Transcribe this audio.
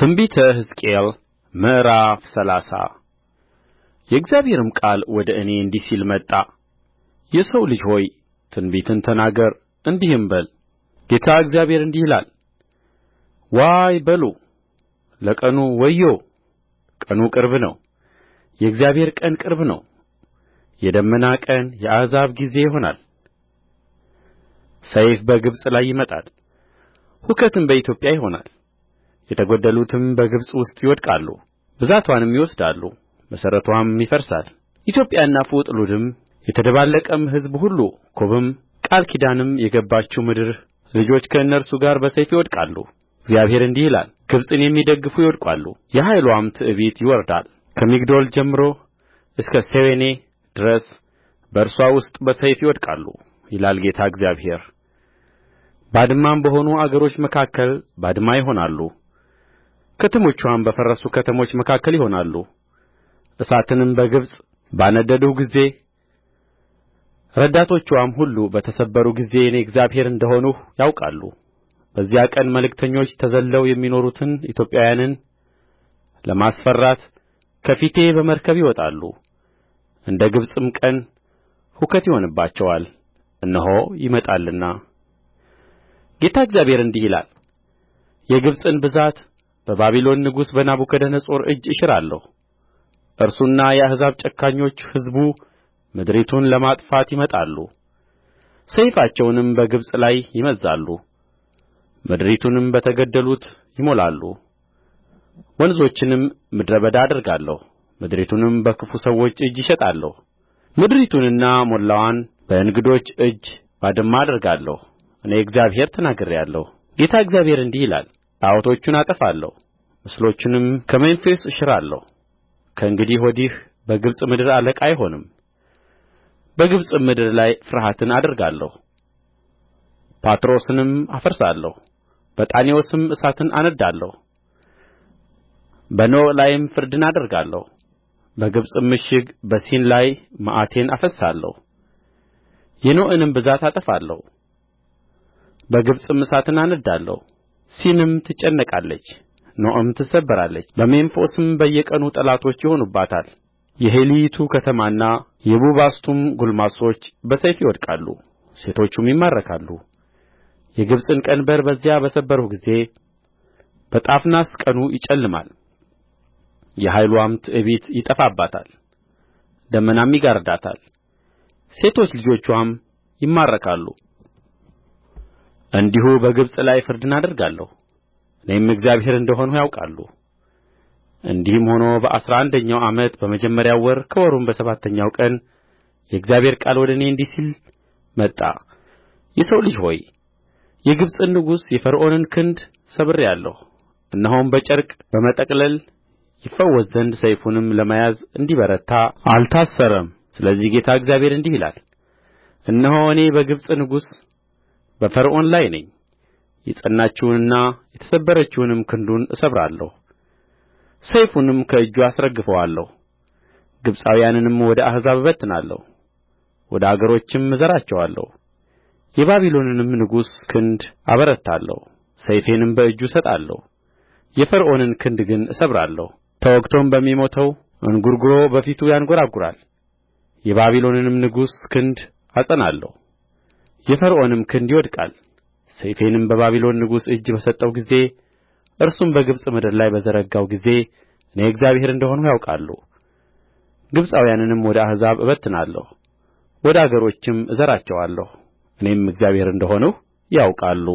ትንቢተ ሕዝቅኤል ምዕራፍ ሰላሳ የእግዚአብሔርም ቃል ወደ እኔ እንዲህ ሲል መጣ የሰው ልጅ ሆይ ትንቢትን ተናገር እንዲህም በል ጌታ እግዚአብሔር እንዲህ ይላል ዋይ በሉ ለቀኑ ወዮ ቀኑ ቅርብ ነው የእግዚአብሔር ቀን ቅርብ ነው የደመና ቀን የአሕዛብ ጊዜ ይሆናል ሰይፍ በግብጽ ላይ ይመጣል ሁከትም በኢትዮጵያ ይሆናል የተገደሉትም በግብጽ ውስጥ ይወድቃሉ ብዛትዋንም ይወስዳሉ መሠረትዋም ይፈርሳል ኢትዮጵያና ፉጥ ሉድም የተደባለቀም ሕዝብ ሁሉ ኩብም ቃል ኪዳንም የገባችው ምድር ልጆች ከእነርሱ ጋር በሰይፍ ይወድቃሉ እግዚአብሔር እንዲህ ይላል ግብጽን የሚደግፉ ይወድቃሉ የኃይልዋም ትዕቢት ይወርዳል ከሚግዶል ጀምሮ እስከ ሴዌኔ ድረስ በእርስዋ ውስጥ በሰይፍ ይወድቃሉ ይላል ጌታ እግዚአብሔር ባድማም በሆኑ አገሮች መካከል ባድማ ይሆናሉ ከተሞችዋም በፈረሱ ከተሞች መካከል ይሆናሉ እሳትንም በግብጽ ባነደድሁ ጊዜ ረዳቶችዋም ሁሉ በተሰበሩ ጊዜ እኔ እግዚአብሔር እንደ ሆንሁ ያውቃሉ በዚያ ቀን መልእክተኞች ተዘልለው የሚኖሩትን ኢትዮጵያውያንን ለማስፈራት ከፊቴ በመርከብ ይወጣሉ እንደ ግብጽም ቀን ሁከት ይሆንባቸዋል እነሆ ይመጣልና ጌታ እግዚአብሔር እንዲህ ይላል የግብጽን ብዛት በባቢሎን ንጉሥ በናቡከደነፆር እጅ እሽራለሁ እርሱና የአሕዛብ ጨካኞች ሕዝቡ ምድሪቱን ለማጥፋት ይመጣሉ ሰይፋቸውንም በግብጽ ላይ ይመዝዛሉ ምድሪቱንም በተገደሉት ይሞላሉ ወንዞችንም ምድረ በዳ አደርጋለሁ ምድሪቱንም በክፉ ሰዎች እጅ እሸጣለሁ ምድሪቱንና ሞላዋን በእንግዶች እጅ ባድማ አደርጋለሁ እኔ እግዚአብሔር ተናግሬአለሁ ጌታ እግዚአብሔር እንዲህ ይላል ጣዖቶቹን አጠፋለሁ ምስሎቹንም ከሜምፎስ እሽራለሁ ከእንግዲህ ወዲህ በግብጽ ምድር አለቃ አይሆንም በግብጽም ምድር ላይ ፍርሃትን አደርጋለሁ ጳትሮስንም አፈርሳለሁ በጣኔዎስም እሳትን አነድዳለሁ በኖእ ላይም ፍርድን አደርጋለሁ በግብጽም ምሽግ በሲን ላይ መዓቴን አፈስሳለሁ የኖእንም ብዛት አጠፋለሁ በግብጽም እሳትን አነድዳለሁ ሲንም ትጨነቃለች ኖዕም ትሰበራለች በሜምፎስም በየቀኑ ጠላቶች ይሆኑባታል የሄልዪቱ ከተማና የቡባስቱም ጕልማሶች በሰይፍ ይወድቃሉ ሴቶቹም ይማረካሉ የግብጽን ቀንበር በዚያ በሰበርሁ ጊዜ በጣፍናስ ቀኑ ይጨልማል የኃይልዋም ትዕቢት ይጠፋባታል ደመናም ይጋርዳታል ሴቶች ልጆችዋም ይማረካሉ እንዲሁ በግብጽ ላይ ፍርድን አደርጋለሁ እኔም እግዚአብሔር እንደ ሆንሁ ያውቃሉ እንዲህም ሆኖ በአሥራ አንደኛው ዓመት በመጀመሪያው ወር ከወሩም በሰባተኛው ቀን የእግዚአብሔር ቃል ወደ እኔ እንዲህ ሲል መጣ የሰው ልጅ ሆይ የግብጽን ንጉሥ የፈርዖንን ክንድ ሰብሬአለሁ እነሆም በጨርቅ በመጠቅለል ይፈወስ ዘንድ ሰይፉንም ለመያዝ እንዲበረታ አልታሰረም ስለዚህ ጌታ እግዚአብሔር እንዲህ ይላል እነሆ እኔ በግብጽ ንጉሥ በፈርዖን ላይ ነኝ የጸናችውንና የተሰበረችውንም ክንዱን እሰብራለሁ ሰይፉንም ከእጁ አስረግፈዋለሁ ግብጻውያንንም ወደ አሕዛብ እበትናለሁ ወደ አገሮችም እዘራቸዋለሁ የባቢሎንንም ንጉሥ ክንድ አበረታለሁ ሰይፌንም በእጁ እሰጣለሁ የፈርዖንን ክንድ ግን እሰብራለሁ ተወግቶም በሚሞተው እንጕርጕሮ በፊቱ ያንጐራጕራል የባቢሎንንም ንጉሥ ክንድ አጸናለሁ የፈርዖንም ክንድ ይወድቃል ሰይፌንም በባቢሎን ንጉሥ እጅ በሰጠሁ ጊዜ እርሱም በግብጽ ምድር ላይ በዘረጋው ጊዜ እኔ እግዚአብሔር እንደ ሆንሁ ያውቃሉ ግብጻውያንንም ወደ አሕዛብ እበትናለሁ ወደ አገሮችም እዘራቸዋለሁ እኔም እግዚአብሔር እንደ ሆንሁ ያውቃሉ